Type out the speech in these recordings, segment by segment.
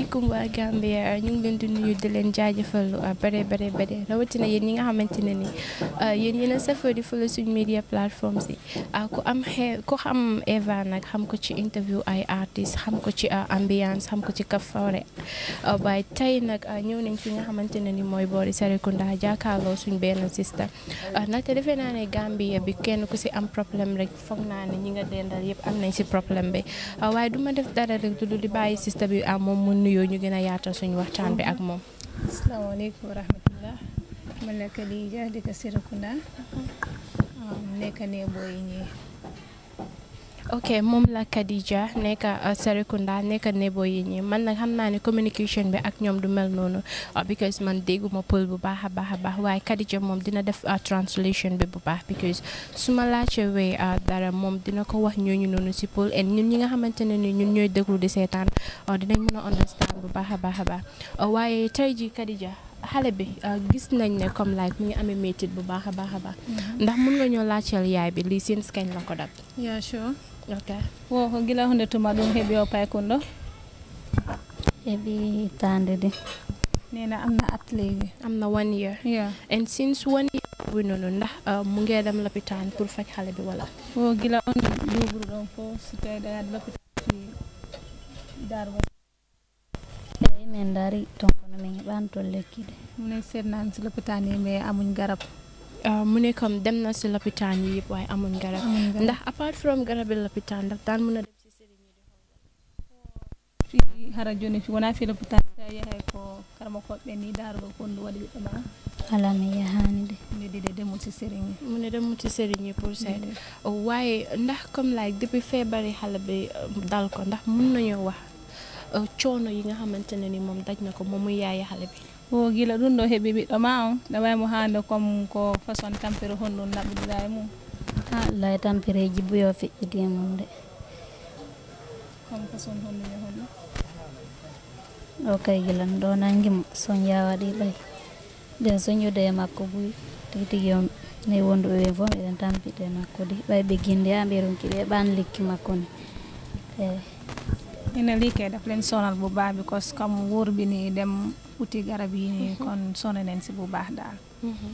asalaamaaleykum waa Gambia ñu ngi leen di nuyu di leen jaajëfal lu uh, bare bare bare rawatina yéen ñi nga xamante ne ni uh, yéen yéen a safoo di fële suñu media plateforme si uh, ku am xee ku xam Eva nag xam ko ci interview ay artiste xam ko ci ambiance xam ko ci kafawre waaye tey nag ñëw nañ si nga xamante ne ni mooy boori Serekunda jàkkaarloo suñ benn sista ndaxte defee naa ne Gambia bi kenn ku si am problème rek foog naa ne ñi nga dendal yëpp am nañ si problème bi waaye du nuyoo ñu gën a yaatal suñu waxtaan bi ak moom. asalaamaaleykum wa rahmatulah. man la Khadija dëkk Serekunda. nekk ne booy ñi. ok moom la Khadija nekk euh, Serekunda nekk nebo yi ñi man nag xam naa ne communication bi ak ñoom du mel noonu ah, because man dégguma pël bu baax a baax a baax waaye Khadija moom dina def euh, translation bi bu baax because su ma laajtewee euh, dara moom dina ko wax ñooñu noonu si pël et ñun ñi nga xamante ne ni ñun ñooy déglu di seetaan dinañ mën a understand bu baax a baax a baax waaye tey ji Khadija xale bi gis nañ ne comme like mu ngi amee métit bu baax a baax a baax mm-hmm. ndax mun nga ñoo laajteel yaay bi lii seen kañ la ko dab. okay wo ko gila hunde tuma ɗum heɓi o paykundo e heɓi tande de nena am na at léegi na one year yeah. and since one year bu noonu ndax uh, mu ngee dem lopitaan pour faj xale bi wala wo gila on duubru ɗon fo si tey dayaat lopitaan fi darwa eyi min dari tonkono min heɓani to lekki de minen seednaami si lopitaan yi mais amuñ garab Euh, mu ne comme dem na si lopitaan yi yëpp waaye amuñ garab ndax apart from garabi lopitaan ndax daan mën a dem si sëriñ yi fi harajoni fi wona fi lopitaan tawi yahay ko karama koɓɓe ni daarugo kondu waɗi ɓiɓɓe ma ala mi yahanide ndedide mu ne demul si sëriñ yi pour seet mm-hmm. waaye ndax comme like depuis feebari xale bi euh, dal ko ndax mun nañoo wax euh, coono yi nga xamante ne ni moom daj na ko moom muy yaay xale bi fo gila ɗum ɗo heeɓi ɓiɗɗo ma on ɗawaymo hande comme ko façon tampere honɗum naɓɗiɗa e mum ha lay tampere jibboyo feƴƴidi mum de comme façon honɗum e honɗum ɗo kay gilan ɗo nangimo son yawaɗi ɓay nden son ƴude e makko buy tigi tigi o ne wondu ɓe fo miɗen tampiɗe makko di ɓay ɓe guinde ha ɓeerum kiɓe ɓan likki makko ni eyi ina likke daflen sonal bo baaɓi cause comme wurɓini dem uti garab yi nii mhm. kon sonn nañ si bu baax daal. Mhm.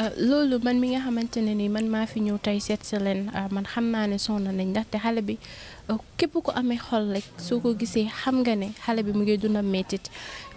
Euh, loolu man mi nga xamante ne ni man maa fi ñëw tey seet si leen euh, man xam naa ne sonn nañ ndaxte xale bi képp ku amee xol rek soo ko gisee xam nga ne xale bi mu ngi dund mettit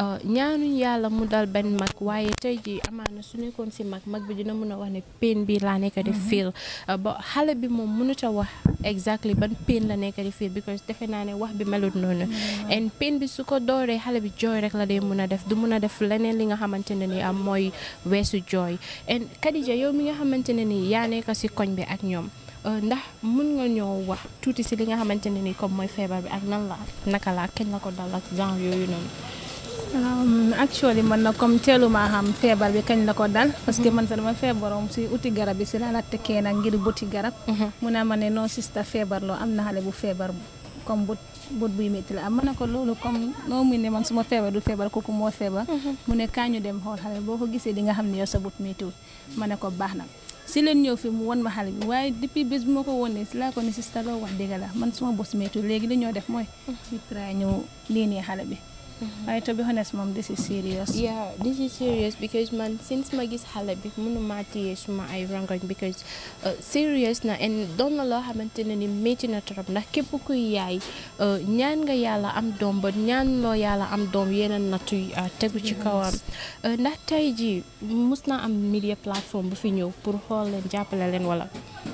euh, ñaanuñ yàlla mu dal benn mag waaye tey ji amaana su nekkoon si mag mag bi dina mun a wax ne pain bi laa nekk di mhm. feel euh, ba xale bi moom mënut a wax exactly ban pain la nekk di feel because defe naa ne wax bi melut noonu mhm. and pain bi su ko dooree xale bi jooy rek la dee mën a def du mën a def leneen li nga xamante ne ni am mooy weesu jooy and Kadija yow mi nga xamante ne ni yaa nekk si koñ bi ak ñoom Euh, ndax mën nga ñoo wax tuuti si li nga xamante ne ni comme mooy feebar bi ak nan la naka laa kañ la ko dal ak genre yooyu noonu. Um, actually man na comme teeluma xam feebar bi kañ la ko dal parce que mhm. man sax dama feebaroon si uti garab bi si laa la tekkee nag ngir buti garab mhm. mu ne ma ne non sista feebar loo am na xale bu feebar comme but but buy métti la am ma na ko loolu comme noo mu ne man suma feebar du feebar kooku moo feebar mhm. mu ne kaa ñu dem xool xale boo ko gisee di nga xam ne yow sa but méttiwul ma ne ko baax na si leen ñëw fi mu won ma xale bi waaye depuis bés bu ma ko wonee si laa ko ne si staloo wax dëgg la man suma bos meetu léegi li ñoo def mooy mm. ñu traa ñëw lii nee xale bi waaye mm-hmm. to be honest moom this is serious. yeah this is serious because man since ma gis xale bi mënuma téye suma ay rangoñ because uh, serious na and doon loo xamante ne ni métti na trop ndax képp kuy yaay uh, ñaan nga yàlla am doom ba ñaan loo yàlla am doom yeneen nattu uh, tegu ci kawam ndax tey ji mus naa am media platform bu fi ñëw pour xool leen jàppale leen wala.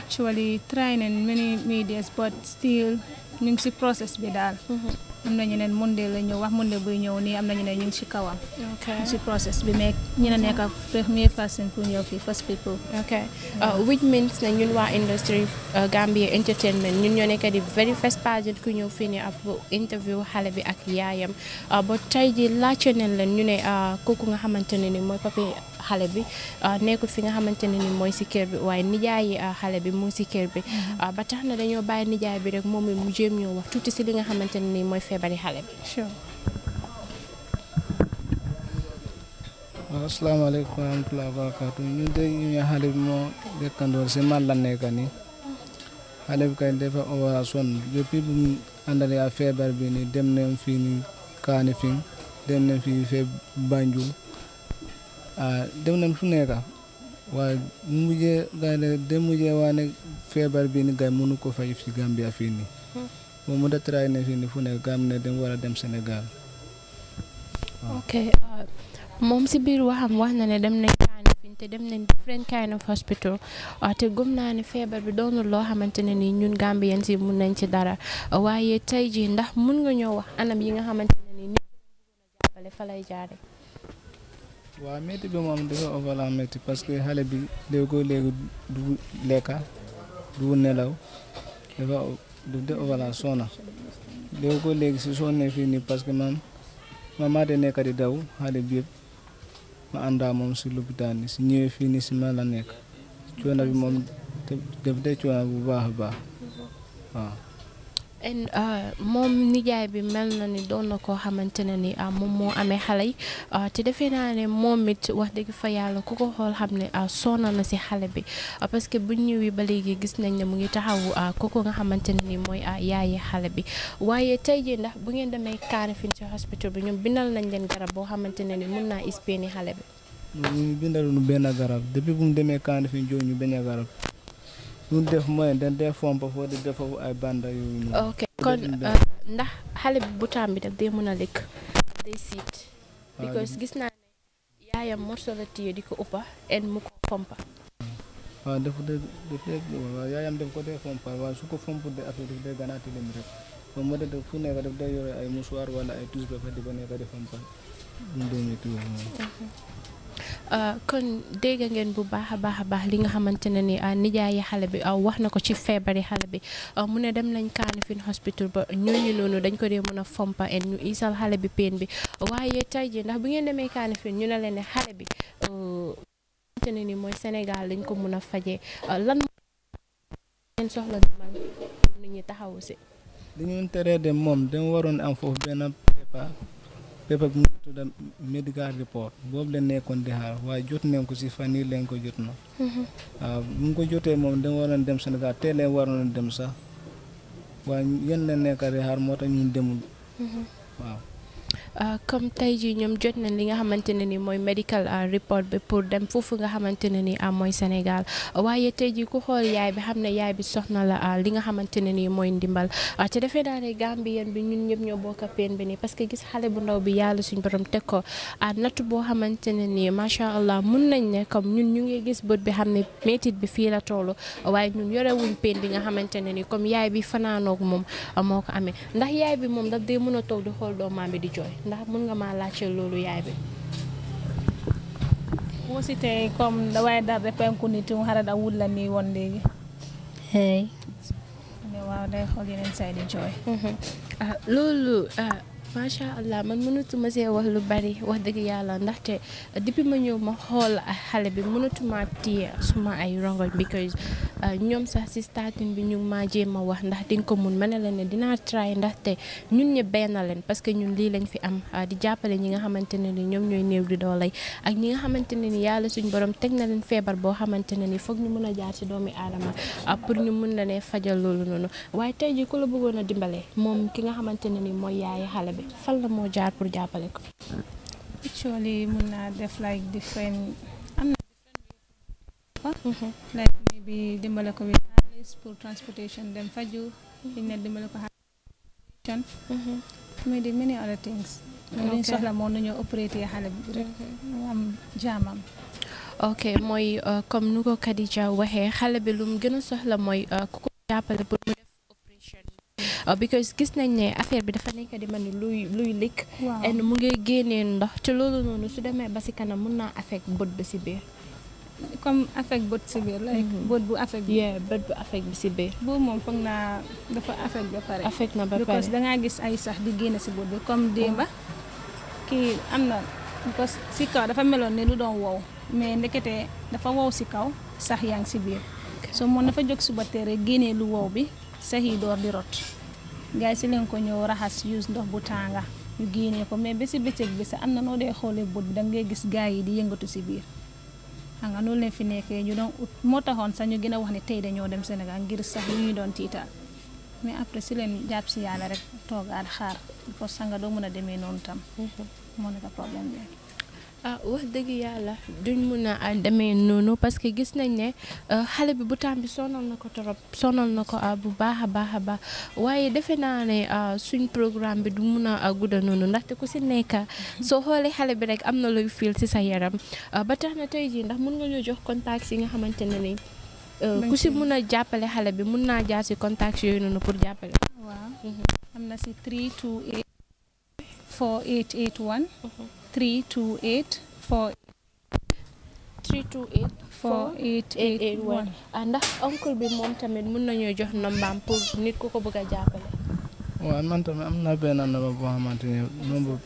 actually try nañ many medias but still. ñu ngi process bi daal. Mm-hmm. am na ñu ne Monday la ñëw wax Monday buy ñëw nii am na ñu ne ñu ngi si kawam. ok ñu si process bi mais ñu ne première personne pour ñëw fii first people. ok uh, which means ne ñun waa industry uh, Gambia entertainment ñun ñoo nekk di very first pageant ku ñëw fii nii ab interview xale bi ak yaayam uh, ba tey ji laajte leen ñu ne kooku nga xamante ne ni mooy papi. xale bi ah, nekku fi nga xamante ne ni mooy si kër bi waaye nijaayi ah, xale bi mooy si kër bi mm-hmm. ah, ba tax na dañoo bàyyi nijaay bi rek moom mu jéem ñoo wax tuuti si li nga xamante ne ni mooy feebari xale bi waaw asalaamaaleykum wa rahmatulah man la nekk nii a sonn depuis bu mu àndalee feebar bi nii dem nañ fii nii kaani fi dem nañ fii fee Ah, dem nañ fu nekk waaye mujjee gars yi waa ne feebar bi ni gars yi mënu ko fay si Gambia fii nii. Hmm. moom mu da try ne fii nii fu nekk gars ne dem war dem Sénégal. Ah, moom si biir waxam wax na ne dem nañ kaani fi dem nañ different kind of hospital ah, te gëm naa ne feebar bi doonul loo xamante ne nii ñun Gambien si mun nañ ci dara waaye tey jii ndax mun nga ñoo wax anam yi nga xamante ne nii nit ñi fa lay jaare waaw métti bi moom dafa overland métti parce que xale bi léegoo léegi du lekka du nelaw dafa daf de overland soona léegi si soonee fii nii parce que man maa de nekk di daw xale bi yëpp ma àndaa moom si lopitaan si ñëwee fii nii si ma la nekk coono bi moom daf de coono bu baax a baax Uh, moom nijaay bi mel na ni doon na koo xamante ne ni uh, moom moo amee xale yi uh, te defe naa ne moom it wax dëgg fa yàlla ku ko xool xam ne sonal na si xale bi parce que bu ñëwee ba léegi gis nañ ne mu ngi taxawu kooku nga xamante ne ni mooy yaayi xale bi waaye tey jii ndax bu ngeen demee Kanifing ci hospital bi ñoom bindal nañ leen garab boo xamante ne ni mun naa ispéeni xale bi. ñu bindal nu benn garab depuis bu mu demee Kanifing jooju benn garab. ñu def mooy dañ dee fomp foofu di def ay banda yooyu noonu. ok kon euh, ndax xale bi bu taam bi daf day mën a lekk day siit. Ah, because gis naa ne yaayam morso la téye di ko uppa en mu ko fompa. Ah, waaw daf dee daf dee waaw yaayam daf ko dee fompa waaw su ko fomp de dee fu nekk daf dee yore ay mouchoir wala ay tus ba fa di ko nekk di fompa. Euh, kon dégg ngeen bu baax a baax a baax li nga xamante ne ni euh, yi xale bi aw euh, wax na ko ci feebar yi xale bi mu ne dem nañ Kanifing hospital ba ñooñu noonu dañ ko dee mën a fompa en ñu xale bi peen bi waaye tey jii ndax bu ngeen demee Kanifing ñu ne leen ne xale bi xamante mooy Sénégal lañ ko mën a fajee lan ngeen soxla ni man pour nit ñi taxawu si dañu tere dem moom dama waroon am foofu benn prépa paper bi mu tudda medical report boobu leen nekkoon di waaye jot nañ ko si fan yii leen ko jot na mhm. waaw bu mu ko jotee moom dama waroon dem Sénégal teel leen waroon dem sax waaye yéen leen nekka di moo tax ñun demul mhm. waaw Euh, comme tey jii ñoom jot nañ li nga xamante ne ni mooy medical euh, report bi pour dem foofu nga xamante ne am euh, mooy Sénégal waaye tey jii ku xool yaay bi xam ne yaay bi soxna la li nga xamante ne ni mooy ndimbal te defee naa ne bi ñun ñëpp ñoo bokk peen bi nii parce que gis xale bu ndaw bi yàlla suñ borom teg ko natt boo xamante ne ni macha allah mun nañ ne comme ñun ñu ngi gis bët bi xam ne métit bi fii la toll waaye ñun yorewuñ peen bi nga xamante ne ni comme yaay bi fanaanoog moom moo ko amee ndax yaay bi moom daf day mën a toog di xool doomam bi di jooy ndax mën nga ma laajte loolu yaay be wosite comme dawawiɗarɗe penkuni tun haraɗa wullani wondeji day nde wawde hollinen saydi joy mhm. ah, lolu ah, macha allah man mënatuma see wax lu bari wax dëgg yàlla ndax te depuis ma ñëw ma xool xale bi mënatuma téye suma ay rongoñ because euh, ñoom sax si starting bi ñu ngi maa jéem a wax ndax di nga ko mun ma ne la ne dinaa try ndaxte ñun ñëpp benn leen parce que ñun lii lañ fi am euh, di jàppale ñi nga xamante ne ni ñoom ñooy néew di doolay ak ñi nga xamante ne ni yàlla suñ borom teg na leen feebar boo xamante ne ni foog ñu mun a jaar si doomi aadama euh, pour ñu mun la nee fajal loolu noonu waaye tey ji ku la bëggoon dimbale moom ki nga xamante ne ni mooy yaay xale bi la moo jaar pour jàppale ko. actually mun naa def like different am na different mm-hmm. like dimbale ko with xaalis pour transportation dem faju liñ ne dimbale ko xaalis mm-hmm. may di xale bi rek mm-hmm. am jaamam ok mooy euh, comme nu ko Khadija waxee xale bi lu mu gën a soxla mooy euh, ku ko jàppale pour mu Uh, because gis nañ né affaire bi dafa nek di man luy luy lik, and mu ngay gëné ndox ci lolu nonu su démé ba ci kanam mëna affect bot bi ci biir comme affect bot ci biir like mm-hmm. bot bu affect bi yeah bot bu affect bi ci biir bo mom foog naa dafa affect ba paré affect na ba pare because nga gis ay sax di gëné ci bot bi comme demba oh. kii am na because si kaw dafa melone né lu doon wow mais ndekete dafa wow si kaw sax yang ci biir so moom dafa jóg suba téré gëné lu wow bi sahi dor door di rot gars si leen ko ñëw raxas use ndox bu tànga ñu génnee ko mais ba si bëccëg bi sax am na noo dee xoolee bët bi da ngay gis gars yi di yëngatu si biir xam nga noonu leen fi nekkee ñu doon ut moo taxoon sax ñu gën a wax ne tey dañoo dem Sénégal ngir sax lu ñuy doon tiitaal mais après si leen jàpp si yàlla rek toogaat xaar il faut nga doo mën a demee noonu tam. Mm-hmm. moo nekk problème bi. ah wax dëgg yàlla duñ mun a demee noonu parce que gis nañ ne euh, xale bi bu tàmbi bi na ko trop sonal na ko ah, bu baax a baax a baax waaye defe naa ne ah, suñ programme bi du mun a gudda noonu ndax te ku si nekk soo xoolee xale bi rek am na luy fiil si sa yaram ah, ba tax na tey jii ndax mun nga ñu jox contacts yi nga xamante ne ni euh, ku si mun a jàppale xale bi mun naa jaar si contacts yooyu noonu pour jàppale. waaw mhm. am na si 3 2 8 4 8 8 1. three two eight four. three two eight. four eight eight eight one ndax oncle uh, bi moom tamit mun nañoo jox nombaam pour nit ku ko bëgg a jàppale. man tamit am na benn nomba boo xamante ne nomba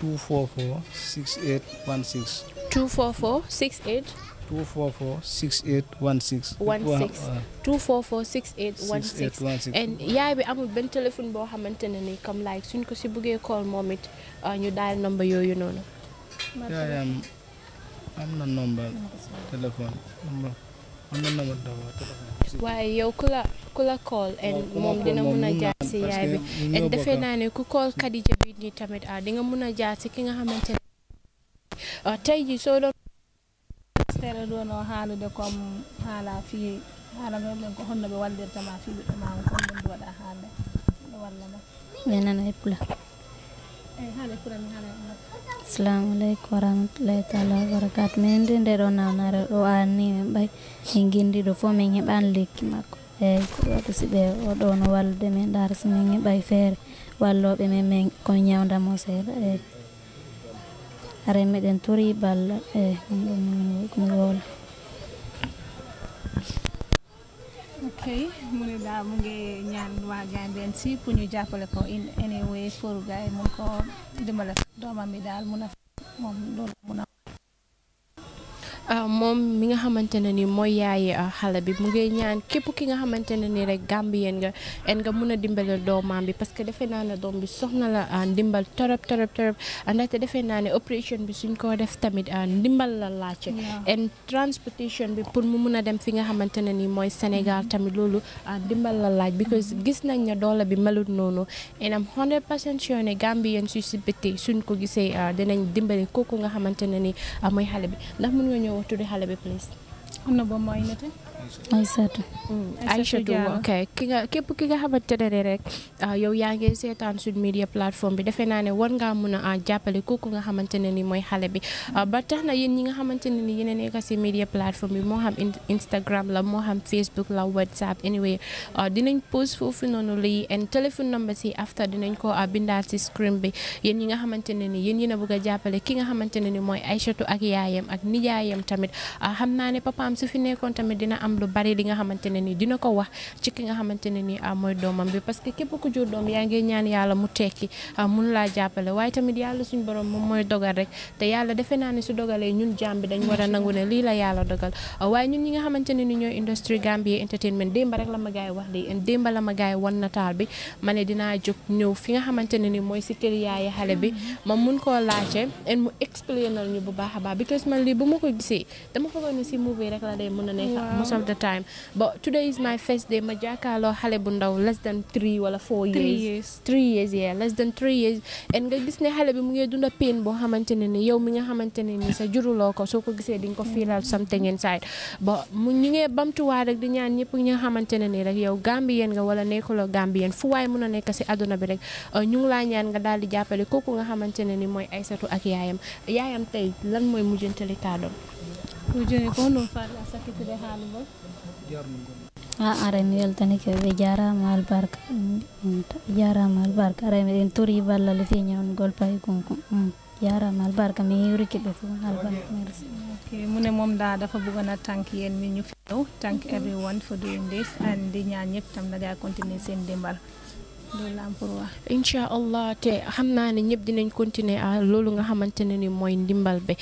two four four six eight one six. two four four six eight. 244 6816. 16 244 6816. and yaay bi amul benn téléphone boo xamante ne ni comme like suñ ko si buggee call moom it euh, ñu daal number yooyu noonu. yaayam na number téléphone am na number téléphone. waaye yow ku la ku call. moom dina mun a jaar si yaay bi. and defe naa ne ku call Khadija bi nii tamit ah, di nga mun a jaar si ki nga xamante ah, tey jii soo doon. feere ɗono haalude comme haala fii haala meɗen ko honno ɓe waldirtama fii ɓiɗɗo ma ko ɗum waɗa haalde ɗo wallama mi nana e pula eyi eh, haala e pula mi haala e assalamu aleykum warahmatullahi taala wabarakatu minen de nde ɗo nawnare ɗo anni min ɓay min gindiɗo fof min heɓani lekki makko eyyi ko waɗi si ɓe oɗo no wallude min ɗaara so min heɓay feere walloɓe min min komin ñawdamo seeɗa eyyi Remedentori Ball, eh, come vuole. ok mune da mu ngi ñaan waa Gambien si pour ñu jàppale ko in anyway pour gars yi mun ko dimbale doomam bi daal mun a moom loolu mun a Ah, moom mi nga xamante ne ni mooy yaay ah, xale bi mu ngay ñaan képp ki nga xamante ne ni rek gambien nga en nga mun a dimbale doomam bi parce que defe naa ne doom bi soxna la ah, ndimbal torop torop torop ndaxte defe naa ne opération bi suñ ko def tamit ndimbal la laajte en bi pour mu mun a dem fi nga xamante ne ni mooy Sénégal mm-hmm. tamit loolu dimbal la laaj because mm-hmm. gis nañ na doole bi melut noonu en am 100 percent sure ne gambien su si biti suñ ko gisee dinañ dimbale kooku nga xamante ne ni mooy xale bi ndax mun nga ñëw to the Halabi, please. I'm not going to Aïssatou hmm, Aïssatou ok ki nga képp ki nga xamante ne rek ah, yow yaa ngi seetaan suñ media plateforme bi defe naa ne war ngaa mun a ah, jàppale kooku nga xamante ne ni mooy xale bi ah, ba tax a nekk si media plateforme bi moo xam xam Facebook la WhatsApp anyway dinañ post foofu noonu lii and téléphone number si after dinañ ko bindaal si screen bi yéen ñi nga xamante ne ni yéen yéen a bëgg a jàppale ki nga xamante ne ni mooy Aïssatou ak yaayam ak nijaayam tamit xam naa ne papaam su fi nekkoon tamit dina am am lu bari li nga xamante ne nii dina ko wax ci ki nga xamante ne nii ah, mooy doomam bi parce que képp ku jur doom yaa ngi ñaan yàlla mu tekki ah, mun laa jàppale waaye tamit yàlla suñu borom moom mooy dogal rek a nangu ne la yàlla dogal ah, ñi nga xamante ne ni ñooy industrie Gambie entertainment démba rek la ma gaay wax lii démba la ma gaay wan nataal bi ma ne dinaa ñëw fi nga xamante ne ni mooy si kër yaaye xale bi mm-hmm. ma mun koo laajte en mu expliqué nal ñu bu baax a baax because man lii bu ma ko gisee dama foogoon ne si movie rek la day mën a of the time but today is my first day ma jàkkaarloo xale bu ndaw less than three wala four years three years three less than three years and nga gis ne xale bi mu ngi dunda pain boo xamante ne ni yow mi nga xamante ne sa juruloo ko soo ko gisee di nga ko fiilal something inside but mu ñu ngee bamtuwaa rek di ñaan ñëpp ñi nga xamante ne ni rek yow gambien nga wala nekkuloo gambien fu waaye mën a nekk si àdduna bi rek uh, ñu ngi laa ñaan nga daal di jàppale kooku nga xamante ne ni mooy Aysatu ak yaayam yaayam tey lan mooy mujjantali kàddoom ko joni ko no farla sakitude haalugol a ara mi weltanike ɓe jarama albarka jarama albarka ara eɗen tori ballal fi ñawngol payi konko jarama albarka mi hewrike ɓe fof albarka merci mune mom da dafa bugana tank yen min everyone for doing this and di ñaan ñëpp tam da ngay continuer seen dimbal loolu am pour wax allah te hamna ni ne ñëpp dinañ continuer à ah, loolu nga xamante ne ni mooy ndimbal bi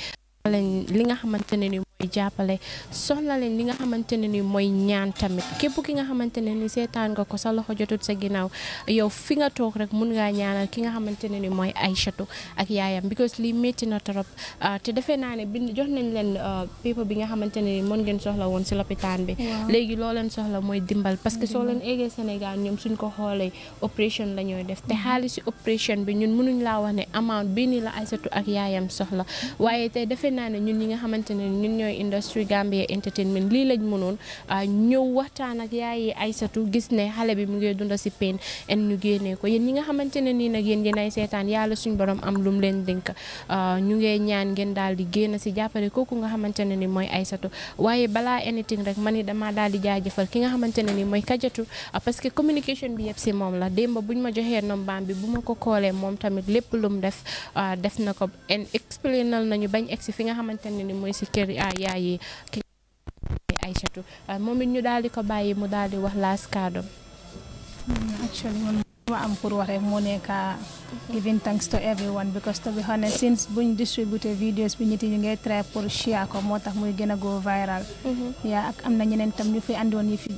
li nga xamante ni bi jàppale soxla leen li nga xamante ne ni mooy ñaan tamit képp ki nga xamante ne ni seetaan nga ko sa loxo jotut sa ginnaaw yow fi nga toog rek mun ngaa ñaanal ki nga xamante ne ni mooy Aïchatou ak yaayam because lii métti na trop ah, te defee naa ne bind jox nañ leen ah, paper bi nga xamante ne mën ngeen soxla woon si lopitaan bi léegi loo leen soxla mooy dimbal parce que soo leen eggee Sénégal ñoom suñ ko xoolee opération la ñooy def te xaalis si opération bi ñun mënuñ laa wax ne amount bii nii la Aïchatou ak yaayam soxla mm. waaye tey defee naa ñun ñi nga xamante ne ñun ñooy mooy industry Gambia entertainment lii lañ mënoon ah, ñëw waxtaan ak yaayi Aysatu gis ne xale bi mu ngi dunda si pain en ñu génnee ko yéen ñi nga xamante ne nii nag yéen yéenay seetaan yàlla suñ borom am lum leen dénk ah, ñu ngee ñaan ngeen daal di génn si jàppale kooku nga xamante ni mooy Aysatu waaye balaa anything rek man ni daal di jaajëfal ki nga xamante ni mooy kajatu ah, parce que communication bi yëpp moom la démb buñ ma joxee nombaam bi bu ma ko koolee moom tamit lépp lum def def na ko en explainal nañu bañ egsi fi yaayi ki Aïchatou euh, moom it ñu daal di ko bàyyi mu daal di wax laas kàddoom ma am pour waxee rek moo nekk ah, giving thanks to everyone because to be honest since buñ distributé videos bi ñit yi ñu ngay try pour share moo tax muy gën a viral mm-hmm. yaa ak am na ñeneen tam ñu fi andoon yi fi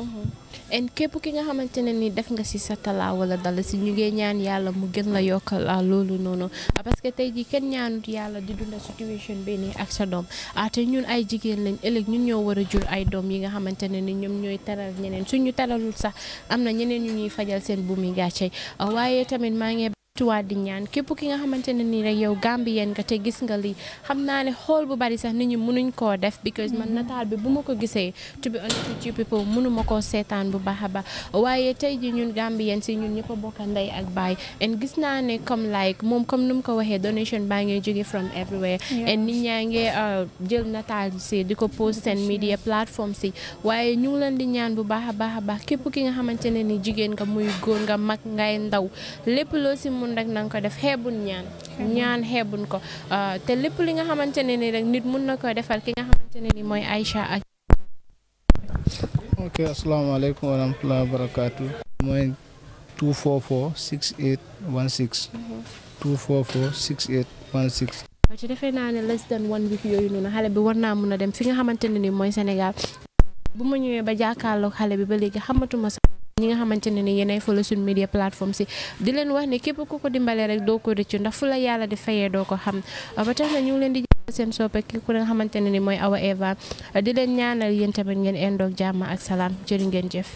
en mm-hmm. képp ki nga xamante ne ni def nga si sa talaa wala dala si ñu ngee ñaan yàlla mu gën la yokkal ah, loolu noonu ah, parce que tey jii kenn ñaanut yàlla di dunda situation bi nii ak sa doom ate ah, ñun ay jigéen lañ ëllëg ñun ñoo war a jur ay doom yi nga xamante ne ni ñoom ñooy teral ñeneen suñu teralul sax am na ñeneen ñu ñuy fajal seen buumi gàcce waaye tamit maa ngi sukkandiwaat di ñaan képp ki nga xamante ne nii rek yow Gambien nga te gis nga lii xam naa ne xool bu bari sax nit ñi mënuñ koo def because man nataal bi bu ma ko gisee to be honest with you people mënu ma koo seetaan bu baax a baax waaye tey ji ñun Gambien si ñun ñëpp a bokk ndey ak baay and gis naa ne comme like moom comme nu mu ko waxee donation baa ngi jóge from everywhere and nit ñaa uh, jël nataal si di ko post seen media platform si waaye ñu ngi leen di ñaan bu baax a baax a baax képp ki nga xamante ne ni jigéen nga muy góor nga mag ngay ndaw lépp loo si mun mun rek na nga ko def xeebun ñaan ñaan xeebun ko ah, te lépp li nga xamante ne ni rek nit mun na ko defar ki nga xamante ne ni mooy Aïcha ak ok asalaamaaleykum wa rahmatulah wa barakaatu mooy 244 6816 244 6816 ci defee naa ne less than one week yooyu noonu xale bi war naa mun a dem fi nga xamante ne ni mooy Sénégal bu ma ñëwee ba jàkkaarloog xale bi ba léegi xamatuma ñi nga xamante ne ni yéenay fële suñu media plateforme si di leen wax ne képp ku ko dimbale rek doo ko rëccu ndax fu la yàlla di fayee doo ko xam ah, ba tax na ñu leen di seen soppe ki ku nga xamante ne ni mooy Awa Eva ah, di leen ñaanal yéen tamit ngeen endoog jàmm ak salaam jërë ngeen jëf